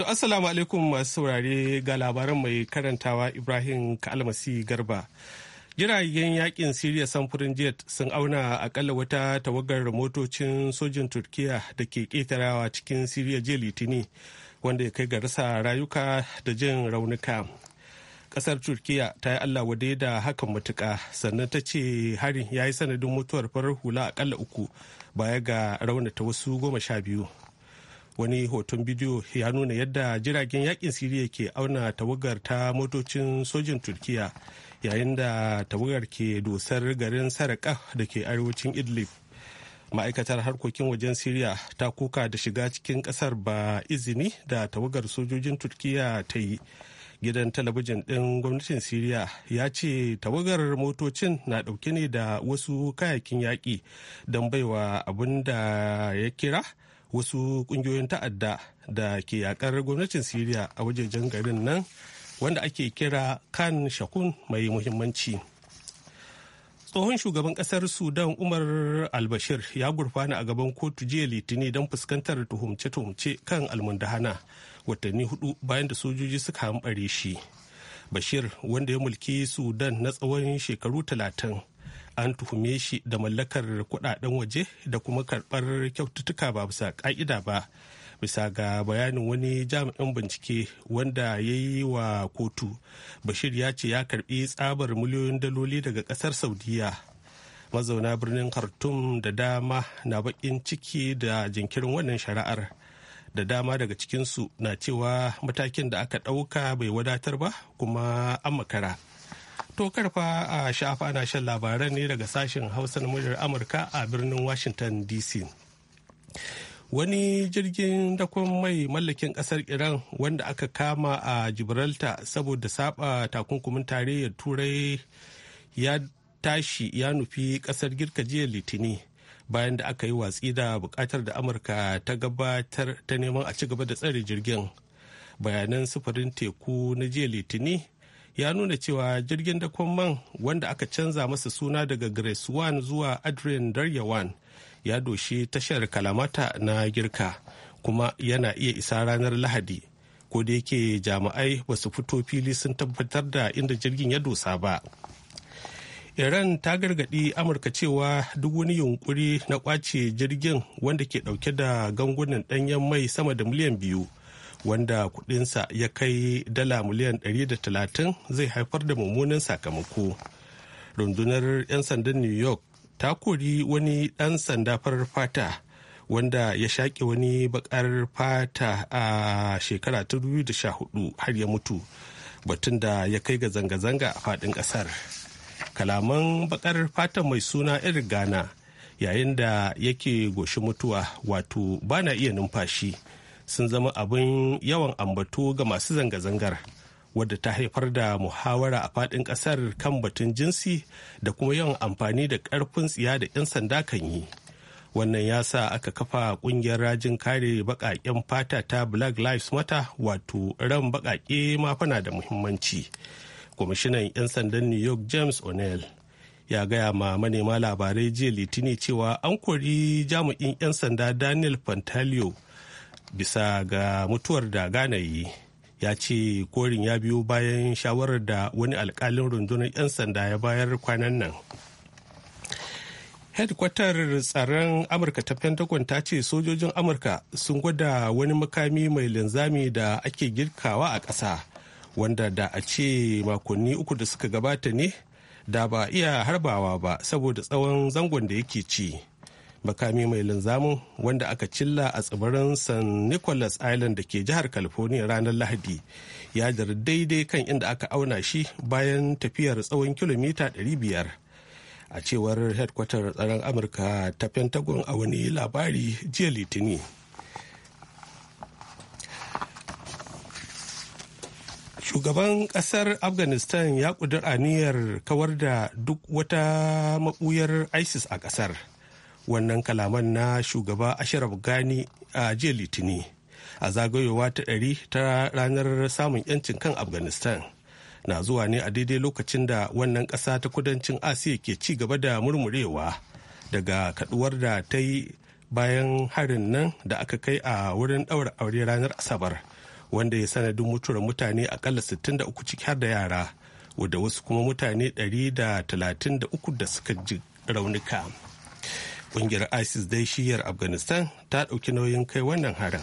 To assalamu alaikum masu saurare ga labaran mai karantawa Ibrahim Kalmasi Garba. Jiragen yakin Siriya samfurin jet sun auna akalla wata tawagar motocin sojin Turkiya da ke ketarawa cikin Siriya jiya Litini wanda ya kai ga rasa rayuka da jin raunuka. Kasar Turkiya ta yi Allah wadai da hakan matuka sannan ta ce harin ya yi sanadin mutuwar farar hula akalla uku baya ga raunata wasu goma sha biyu. wani hoton bidiyo ya nuna yadda jiragen yakin siriya ke auna tawagar ta motocin sojin turkiya yayin da tawagar ke dusar garin saraka da ke arewacin idlib ma'aikatar harkokin wajen siriya ta kuka da shiga cikin kasar ba izini da tawagar sojojin turkiya ta yi gidan talabijin ɗin gwamnatin siriya ya ce tawagar motocin na ɗauke ne da wasu kayakin yaƙi don baiwa abin da ya kira wasu kungiyoyin ta'adda da ke yakar gwamnatin siriya a wajejen garin nan wanda ake kira kan shakun mai muhimmanci tsohon shugaban kasar sudan umar albashir ya gurfana a gaban kotu jiya litini don fuskantar tuhumce-tuhumce kan almundahana watanni hudu bayan da sojoji suka hambare shi bashir wanda ya mulki sudan na tsawon shekaru talatin an tuhume shi da mallakar kudaden waje da kuma karbar kyaututtuka ba bisa ka'ida ba bisa ga bayanin wani jami'in bincike wanda ya yi wa kotu bashir ya ce ya karbi tsabar miliyoyin daloli daga kasar saudiya mazauna birnin khartoum da dama na bakin ciki da jinkirin wannan shari'ar da dama daga cikinsu na cewa matakin da aka ɗauka bai wadatar ba kuma an makara To karfa a shafa ana shan labaran ne daga sashen Hausa na muryar Amurka a birnin Washington DC. Wani jirgin dakon mai mallakin kasar Iran wanda aka kama a Jibralta saboda saba takunkumin tarayyar Turai ya tashi ya nufi kasar Girka jiya Litini. bayan da aka yi watsi da bukatar da amurka ta gabatar ta neman a ci gaba da tsare jirgin bayanan sufurin teku na jiya litini ya nuna cewa jirgin dakon man wanda aka canza masa suna daga grace one zuwa adrian darya one ya doshi tashar kalamata na girka kuma yana iya isa ranar lahadi ko da yake jama'ai ba su fito fili sun tabbatar da inda jirgin ya dosa ba iran ta gargadi amurka cewa duk wani yunkuri na kwace jirgin wanda ke dauke da gangunan danyen mai sama da miliyan biyu wanda kudinsa ya kai dala miliyan 130 zai haifar da mummunan sakamako rundunar 'yan sandan new york ta kori wani ɗan sanda farar fata wanda ya shaƙe wani bakar fata a shekara ta 2014 har ya mutu batun da ya kai ga zanga-zanga a faɗin ƙasar kalaman bakar fata mai suna irin ghana yayin da yake goshi mutuwa wato bana iya numfashi sun zama abin yawan ambato ga masu zanga-zangar wadda ta haifar da muhawara a faɗin ƙasar kan batun jinsi da kuma yawan amfani da ƙarfin tsiya da 'yan sanda kan yi wannan ya sa aka kafa ƙungiyar rajin kare baƙaƙen fata ta black lives matter wato ran baƙaƙe mafana da muhimmanci kwamishinan 'yan sandan new york james o'neill ya gaya ma manema labarai jiya litini cewa an kori jami'in 'yan sanda daniel fantalio bisa ga mutuwar da ghana yi ya ce korin ya biyo bayan shawarar da wani alkalin rundunar 'yan sanda ya bayar kwanan nan hedkwatar tsaron amurka ta pentagon ta ce sojojin amurka sun gwada wani makami mai linzami da ake girkawa a ƙasa wanda da a ce makonni uku da suka gabata ne da ba iya harbawa ba saboda tsawon zangon da yake ci makami mai linzamin wanda aka cilla a tsibirin san nicholas island da ke jihar california ranar lahadi ya jar daidai kan inda aka auna shi bayan tafiyar tsawon kilomita 500 a cewar headkwatar tsaron amurka ta pentagon a wani labari jiya litini shugaban kasar afghanistan ya kudura aniyar kawar da duk wata mabuyar isis a kasar wannan kalaman na shugaba ashraf gani a jiya litini a zagayowa ta ɗari ta ranar samun 'yancin kan afghanistan na zuwa ne a daidai lokacin da wannan ƙasa ta kudancin asiya ke ci gaba da murmurewa daga kaduwar da ta yi bayan harin nan da aka kai a wurin ɗaura aure ranar asabar wanda ya sanadin mutuwar mutane akalla 63 ciki har da yara wadda wasu kuma mutane 133 da suka ji raunuka ƙungiyar isis dai shiyar afghanistan ta ɗauki nauyin kai wannan harin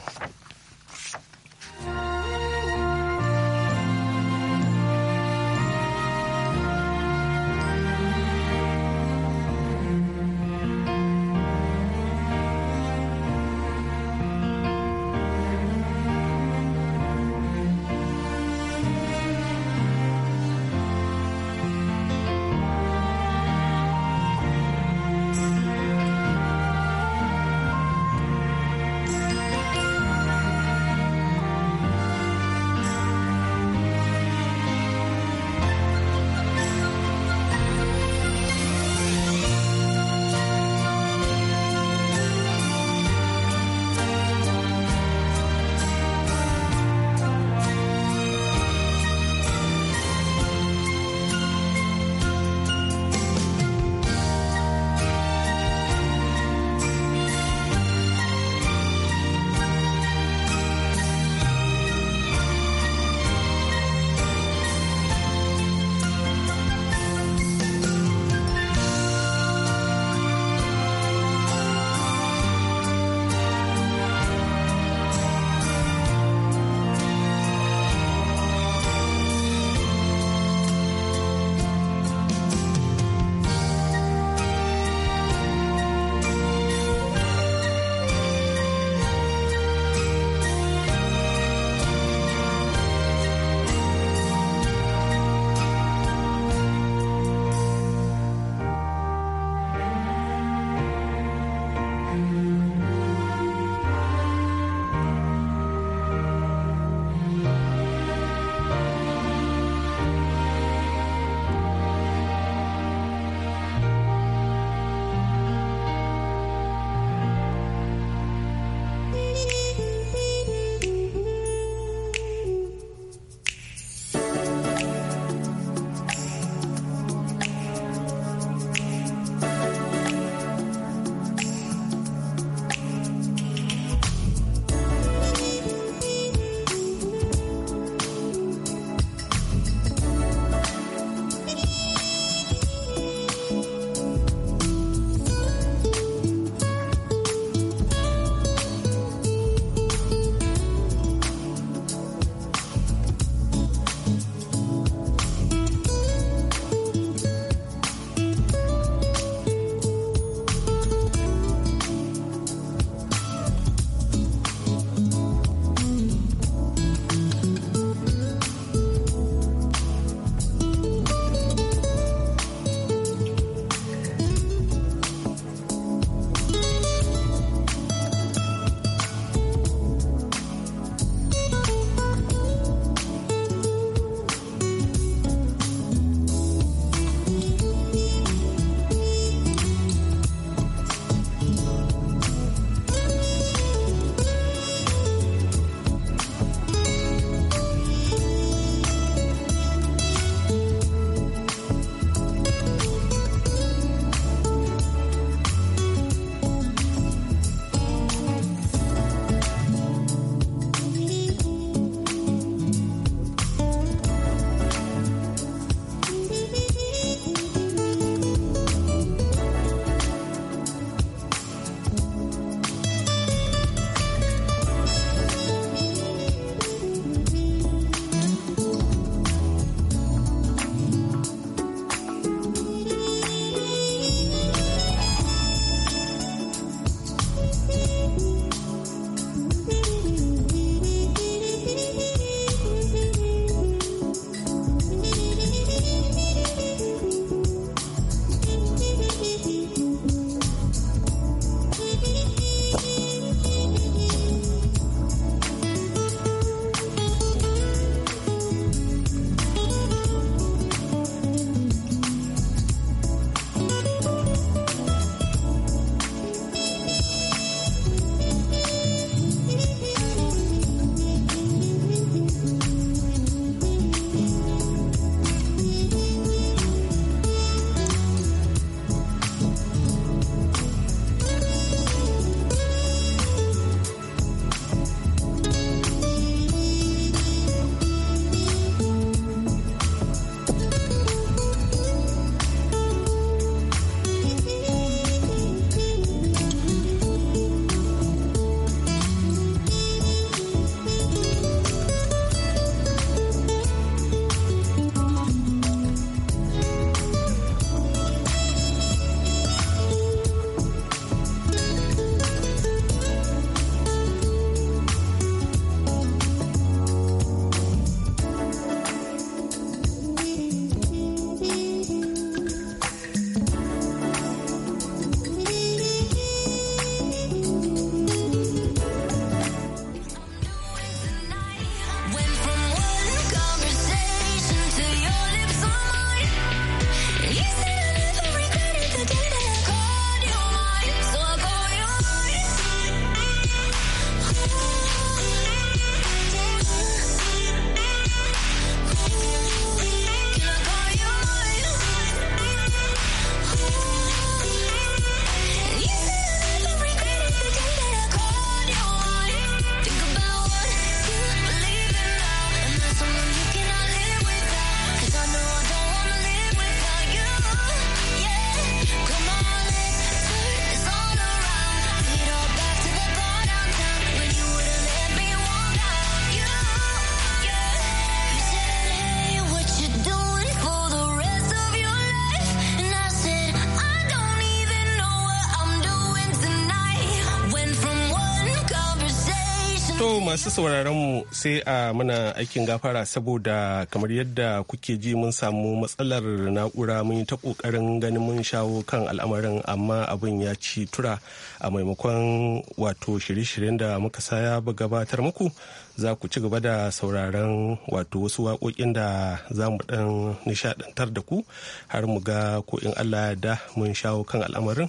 masu sauraron mu sai a muna aikin gafara saboda kamar yadda kuke ji mun samu matsalar na'ura mun yi ta kokarin ganin mun shawo kan al'amarin amma abin ya ci tura a maimakon wato shirye-shiryen da muka saya ba gabatar muku za ku ci gaba da sauraron wato wasu waƙoƙin da za mu ɗan nishaɗantar da ku har mu ga ko in allah ya da mun shawo kan al'amarin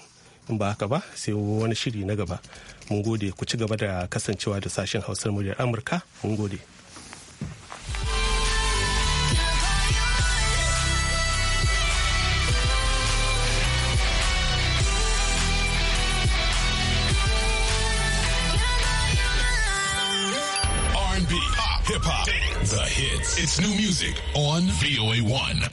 in ba haka ba sai wani shiri na gaba mun gode ku ci gaba da kasancewa da sashen hausar muryar amurka mun gode Hip hop, the hits. It's new music on VOA 1.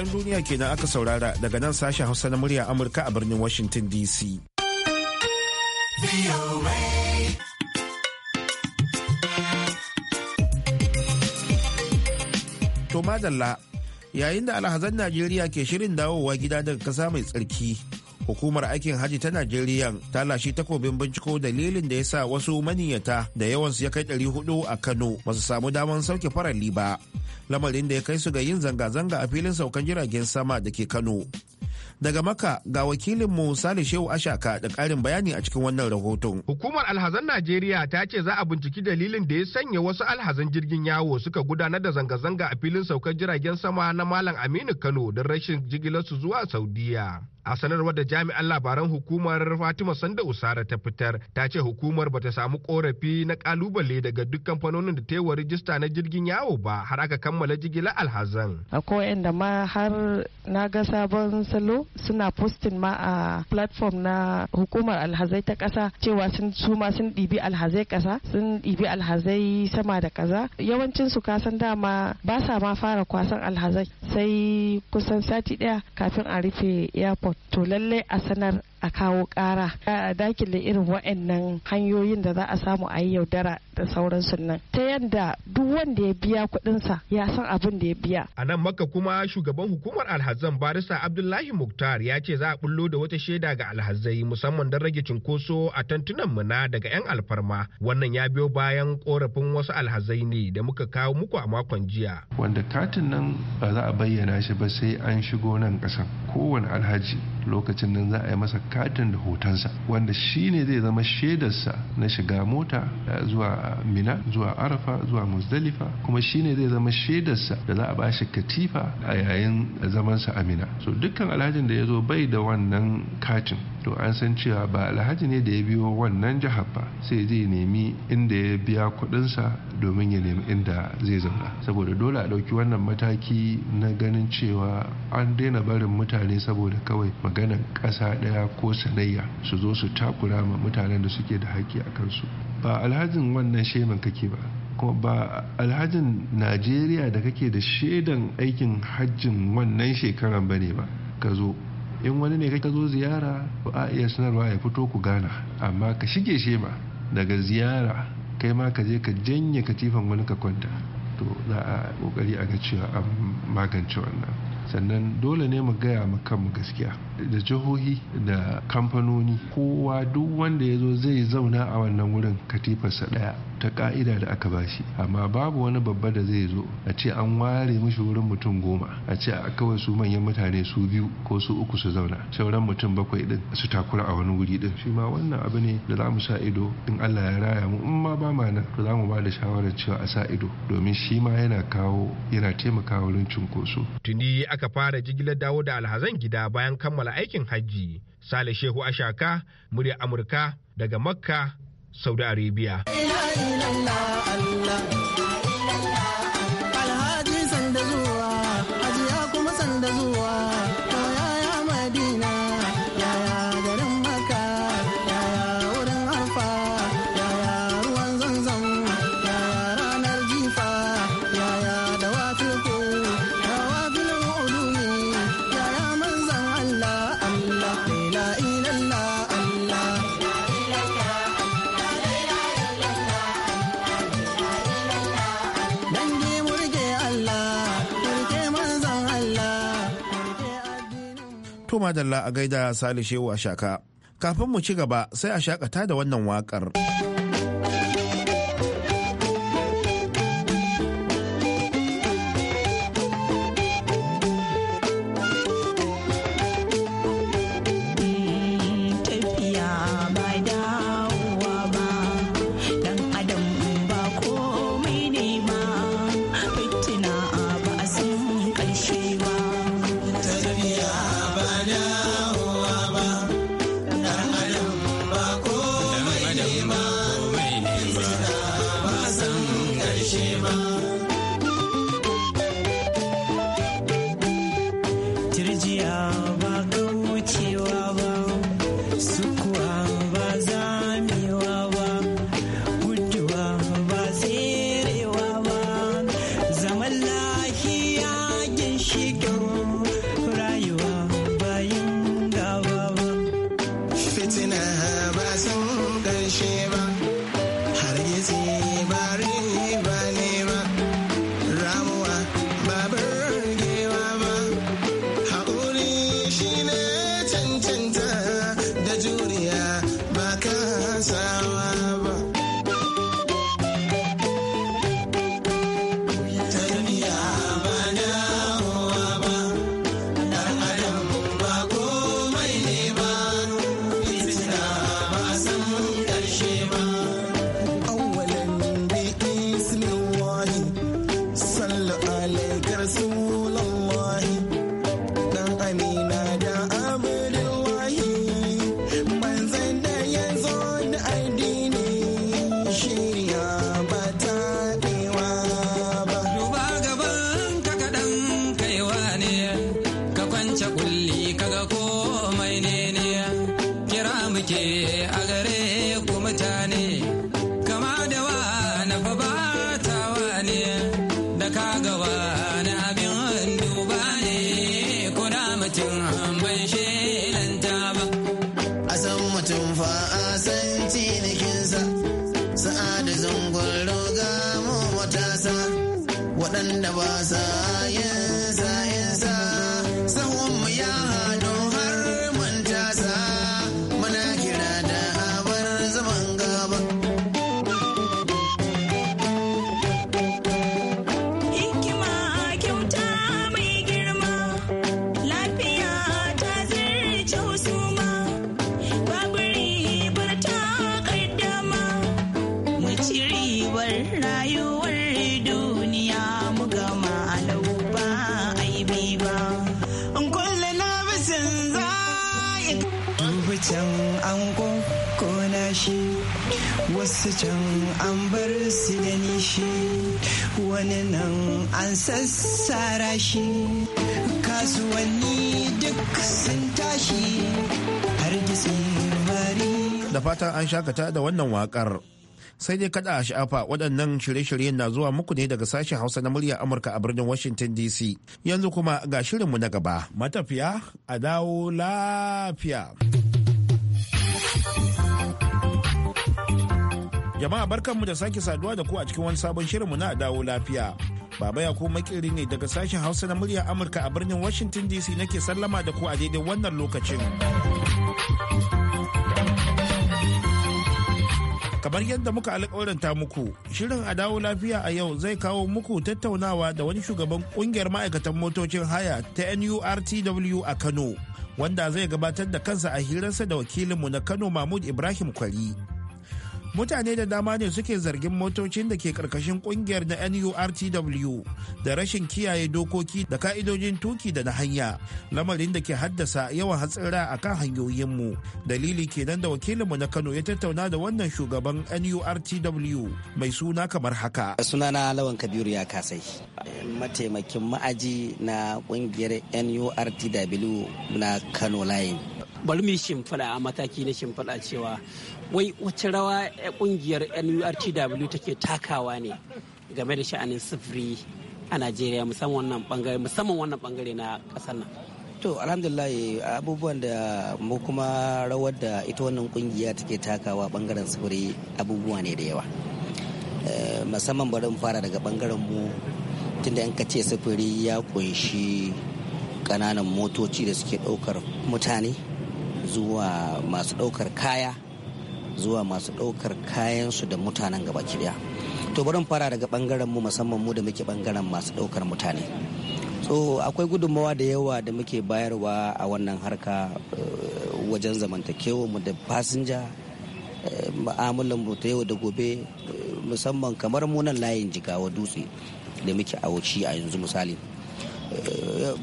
labaran duniya kenan aka saurara daga nan sashen hausa na murya amurka a birnin washington dc to madalla yayin da alhazan najeriya ke shirin dawowa gida daga kasa mai tsarki hukumar aikin hajji ta najeriya ta lashe takobin binciko dalilin da ya sa wasu maniyyata da yawan su ya kai 400 a kano ba su samu damar sauke farali ba lamarin da ya kai su ga yin zanga-zanga a filin saukan jiragen sama da ke kano daga maka ga wakilin mu sale shehu ashaka da karin bayani a cikin wannan rahoton hukumar alhazan najeriya ta ce za a binciki dalilin da ya sanya wasu alhazan jirgin yawo suka gudanar da zanga-zanga a filin saukar jiragen sama na malam aminu kano don rashin jigilarsu zuwa saudiya a sanarwar da jami'an labaran hukumar fatima sanda usara ta fitar ta ce hukumar ba ta samu korafi na kalubale daga duk kamfanonin da ta wa rijista na jirgin yawo ba har aka kammala jigila alhazan akwai inda ma har na ga sabon salo suna postin ma a platform na hukumar alhazai ta kasa cewa sun su sun ɗibi alhazai kasa sun ɗibi alhazai sama da kaza yawancin su kasan dama ba sa ma fara kwasan alhazai sai kusan sati ɗaya kafin a rufe airport to lallai a sanar a kawo ƙara a dakile irin waɗannan hanyoyin da za a samu a yi yaudara da sauransu nan ta yadda duk wanda ya biya kuɗinsa ya san abin da ya biya. A nan maka kuma shugaban hukumar alhazan barista Abdullahi Muktar ya ce za a bullo da wata shaida ga alhazai musamman don rage cunkoso a tantunan muna daga 'yan alfarma wannan ya biyo bayan korafin wasu alhazai ne da muka kawo muku a makon jiya. Wanda katin nan ba za a bayyana shi ba sai an shigo nan ƙasan kowane alhaji lokacin nan za a yi masa katin da hotonsa wanda shi ne zai zama shaidarsa na shiga mota eh, zuwa mina zuwa arafa zuwa muzdalifa kuma shi ne zai zama shaidarsa da za a ba shi katifa a yayin zamansa a mina so dukkan alhajin da ya zo bai da wannan katin to an san cewa ba alhaji ne da ya biyo wannan jihar ba sai zai nemi inda ya biya kudinsa domin ya nemi inda zai zauna saboda dole a ɗauki wannan mataki na ganin cewa an daina barin mutane saboda kawai maganan ƙasa ɗaya ko sanayya su zo su takura ma mutanen da suke da haƙƙi a kansu ba alhajin wannan sheman kake ba kuma ba alhajin najeriya da kake da shaidan aikin hajjin wannan shekaran ba ne ba ka zo in wani ne ka zo ziyara ba a iya sanarwa ya fito ku gana amma ka shige shi shema daga ziyara kai ma ka je ka janye katifan wani ka kwanta to za a kokari a ga cewa an magance wannan sannan dole ne mu gaya ma kanmu gaskiya da jihohi da kamfanoni kowa duk wanda ya zo zai zauna a wannan wurin katifarsa ɗaya ta ka'ida da aka ba shi, amma babu wani babba da zai zo a ce an ware mishi wurin mutum goma a ce a kawai su manyan mutane su biyu ko su uku su zauna sauran mutum bakwai din su takura a wani wuri din shi ma wannan abu ne da za mu sa ido in Allah ya raya mu in ma ba ma nan to za mu ba da shawarar cewa a sa ido domin shi ma yana kawo yana taimakawa wurin cunkoso tuni aka fara jigilar dawo da alhazan gida bayan kammala aikin hajji. Sale Shehu Ashaka, murya Amurka daga Makka, Saudi Arabia. madalla a gaida salishewa shaka. Kafin mu ci gaba sai a shakata da wannan waƙar. su da fatan an shakata da wannan wakar. Sai dai kada a sha'afa waɗannan shirye-shiryen na zuwa muku ne daga sashen Hausa na murya Amurka a birnin Washington DC. Yanzu kuma ga shirinmu na gaba. Matafiya a dawo lafiya. Jama'a barkanmu da sake saduwa da ku a cikin wani sabon shirinmu na dawo lafiya. Baba ya kuma makiri ne daga sashen Hausa na murya Amurka a birnin Washington DC nake sallama da ku a daidai wannan lokacin. kamar yadda muka ta muku shirin a dawo lafiya a yau zai kawo muku tattaunawa da wani shugaban kungiyar ma'aikatan motocin haya ta nurtw a kano wanda zai gabatar da kansa a hirarsa da wakilinmu na kano mahmud ibrahim kwari mutane da dama ne suke zargin motocin da ke karkashin kungiyar na nurtw da rashin kiyaye dokoki da ka'idojin tuki da na hanya lamarin da ke haddasa yawan hatsira a kan hanyoyinmu dalili kenan da wakilinmu na kano ya tattauna da wannan shugaban nurtw mai suna kamar haka sunana lawan kabiru ya kasai mataimakin ma'aji na kungiyar nurtw na kano layin bari mu shimfiɗa a mataki na shimfiɗa cewa wai wacce rawa ƙungiyar nurtw take takawa ne game da sha'anin sufuri a najeriya musamman wannan bangare na ƙasar nan to alhamdulillah abubuwan da mu kuma rawar da ita wannan kungiya take takawa bangaren sufuri abubuwa ne da yawa eh, musamman bari mu fara daga bangaren mu tunda in ka ce sufuri ya kunshi kananan motoci da suke ɗaukar mutane zuwa masu ɗaukar kaya zuwa masu ɗaukar kayansu da mutanen gaba kiɗaya to bari fara daga ɓangaren mu musamman mu da muke ɓangaren masu ɗaukar mutane so akwai gudunmawa da yawa da muke bayarwa a wannan harka eh, wajen zamantakewa mu da fasinja eh, ma'amulan mu ta yau da gobe eh, musamman kamar munan layin jigawa dutse da muke a a yanzu misali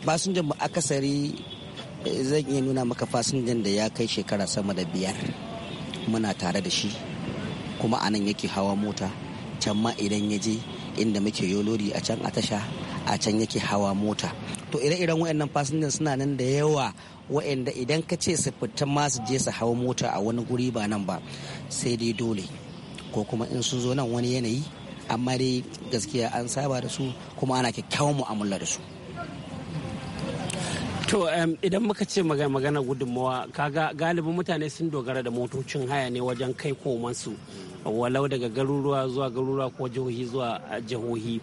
fasinjan mu akasari zan iya nuna maka fasinjan da ya kai shekara sama da biyar muna tare da shi kuma anan yake hawa mota can ma idan ya je inda muke yolori a can a tasha a can yake hawa mota to ire-iren waɗannan fasinjan suna nan da yawa waɗanda idan ka ce su fita ma su je su hawa mota a wani guri ba nan ba sai dai dole ko kuma in sun zo nan wani yanayi amma dai gaskiya an saba da su kuma ana kyakkyawan mu'amala da su To idan muka ce magana gudunmawa kaga galibin mutane sun dogara da motocin haya ne wajen kai komansu walau daga garuruwa zuwa garuruwa ko jihohi zuwa jihohi.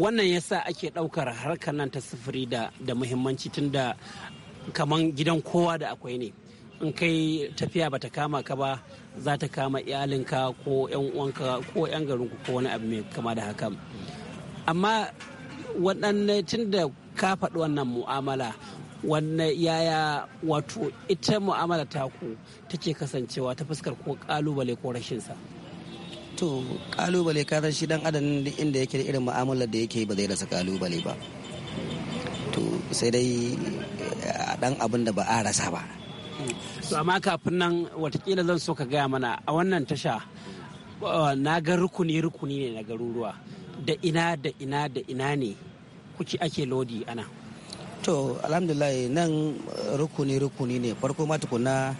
Wannan yasa ake ɗaukar harkar nan ta sufuri da muhimmanci tun da kaman gidan kowa da akwai ne. in kai tafiya bata kama ka ba za ta kama iyalinka ko 'yan uwanka ko 'yan garinku ko wani abu mai kama da haka amma waɗanne tun da ka faɗi wannan mu'amala wannan yaya wato ita mu'amala ta ku take kasancewa ta fuskar ko kalubale ko rashinsa to kalubale ka san shi dan adam inda yake da irin mu'amalar da yake ba zai rasa kalubale ba to sai dai eh, a dan abin da ba a rasa ba to amma kafin nan watakila zan so ka gaya mana a wannan tasha eh, na ga rukuni rukuni ne na garuruwa da ina da ina da ina ne kuci ake lodi ana to alhamdulillah nan eh, rukuni rukuni ne farko ma tukuna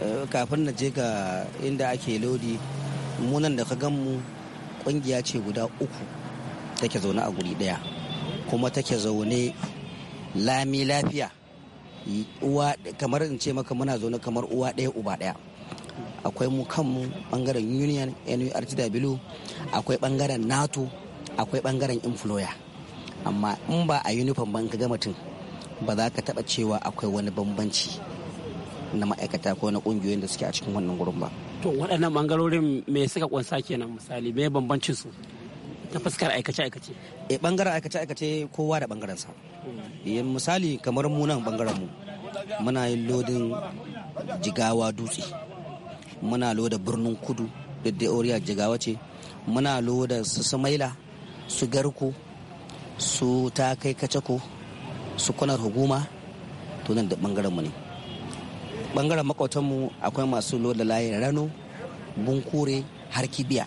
eh, kafin na je ga inda ake lodi munan da ka gan mu kungiya ce guda uku take zaune a guri daya kuma take zaune lami lafiya uwa kamar in ce maka muna zaune kamar uwa daya uba ɗaya akwai mu kanmu bangaren union nurtw akwai bangaren nato akwai bangaren infloya amma in ba a uniform ban ga mutum ba za ka taba cewa akwai wani bambanci na ma'aikata ko na kungiyoyin da suke a cikin wannan gurin ba to waɗannan bangarorin me suka kunsa kenan misali me bambancin su ta fuskar aikace aikace e eh, bangaren aikace aikace kowa da bangaren sa eh, misali kamar mu nan bangaren mu muna yin lodin jigawa dutse muna loda birnin kudu da da jigawa ce muna loda su maila su garko su ta kai kacako su kwanar huguma to nan da bangaren mu ne bangaren mu akwai masu loda layin rano bunkure har kibiya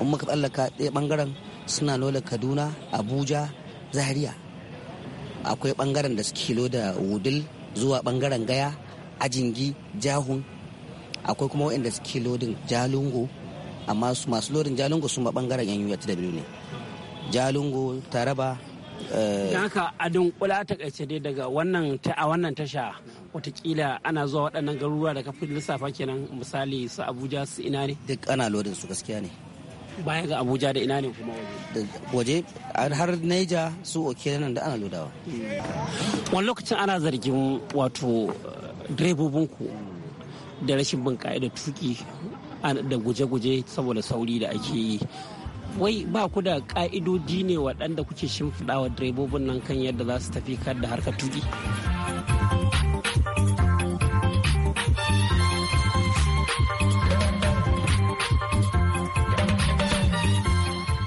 in muka tsallaka ɗaya bangaren suna lola kaduna abuja zahiriya akwai bangaren da suke loda wudil zuwa bangaren gaya ajingi jahun akwai kuma waɗanda suke lodin jalungo amma masu lodin jalungo su ma bangaren yan uwa ne jalingo taraba eh, da haka a dunkula ta kaice dai daga wannan a wannan tasha watakila ana zuwa waɗannan garuruwa da kafin lissafa kenan misali su abuja su ina ne duk ana lodin su gaskiya ne baya ga abuja da ina ne kuma waje har naija su oke nan da ana lodawa hmm. wani lokacin ana zargin wato eh, direbobinku da rashin bin ka'ida tuki da guje-guje saboda sauri da ake yi wai ba ku da ka'idodi ne waɗanda kuke wa direbobin nan kan yadda za su tafi kar da harkar tuki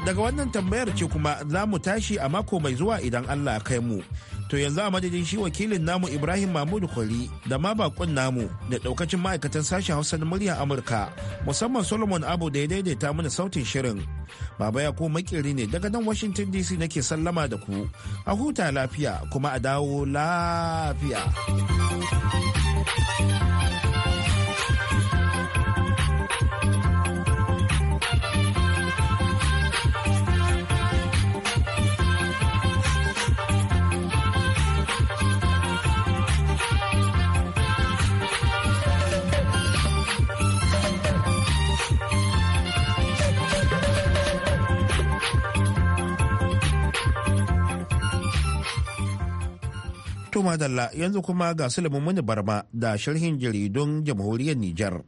daga wannan tambayar ce kuma za mu tashi a mako mai zuwa idan allah a kai mu To yanzu a madadin shi wakilin namu Ibrahim Mahmudu Kwali da ma bakon namu da daukacin ma'aikatan sashen Hausa na murya Amurka musamman Solomon Abu da ya daidaita mana sautin shirin. Baba ya ko makiri ne daga nan Washington DC nake sallama da ku. A huta lafiya kuma a dawo lafiya. To madalla yanzu kuma ga Sulaiman Muni Barma da sharhin jaridun jamhuriyar Nijar.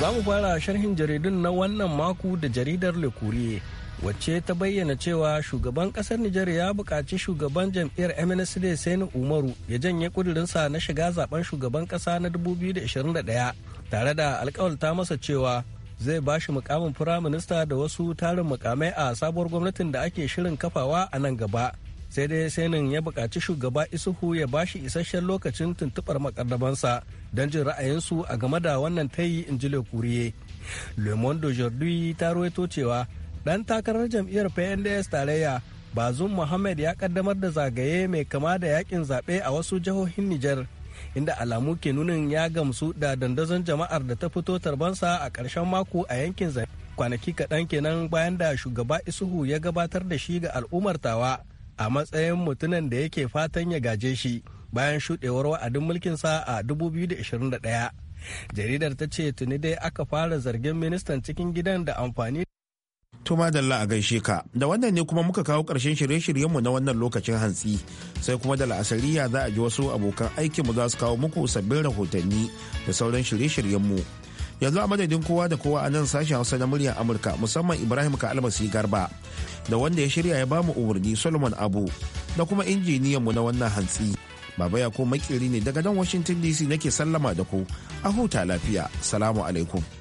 Za mu fara sharhin jaridun na wannan mako da jaridar Lekuriye. wacce ta bayyana cewa shugaban kasar Nijar ya buƙaci shugaban jam'iyyar MNSD Sani Umaru ya janye kudurinsa na shiga zaben shugaban ƙasa na 2021 tare da alƙawarta masa cewa zai ba shi mukamin firaminista da wasu tarin mukamai a sabuwar gwamnatin da ake shirin kafawa a nan gaba sai dai sainin ya buƙaci shugaba isuhu ya ba shi isasshen lokacin tuntuɓar makarrabansa don jin ra'ayinsu a game da wannan tayi in ji kuriye le monde aujourd'hui ta ruwaito cewa ɗan takarar jam'iyyar pnds tarayya bazum muhammad ya kaddamar da zagaye mai kama da yakin zaɓe a wasu jihohin nijar inda alamu ke nunin ya gamsu da dandazon jama'ar da ta fito tarbansa a ƙarshen mako a yankin zai kwanaki kaɗan kenan bayan da shugaba isuhu ya gabatar da shi ga al'ummar tawa a matsayin mutumin da yake fatan ya gaje shi bayan shuɗewar wa'adin mulkin mulkinsa a 2021 jaridar ta ce tuni dai aka fara zargin ministan cikin gidan da amfani Tuma Dalla a gaishe ka. Da wannan ne kuma muka kawo ƙarshen shirye-shiryenmu na wannan lokacin hantsi. Sai kuma da la'asariya za a ji wasu abokan aikin mu za su kawo muku sabbin rahotanni da sauran shirye-shiryenmu. Yanzu a madadin kowa da kowa a nan sashen Hausa na muryar Amurka musamman Ibrahim ka almasi garba da wanda ya shirya ya ba mu umarni Solomon Abu da kuma injiniyanmu na wannan hantsi. Baba ya ko makiri ne daga nan Washington DC nake sallama da ku. A huta lafiya. Salamu alaikum.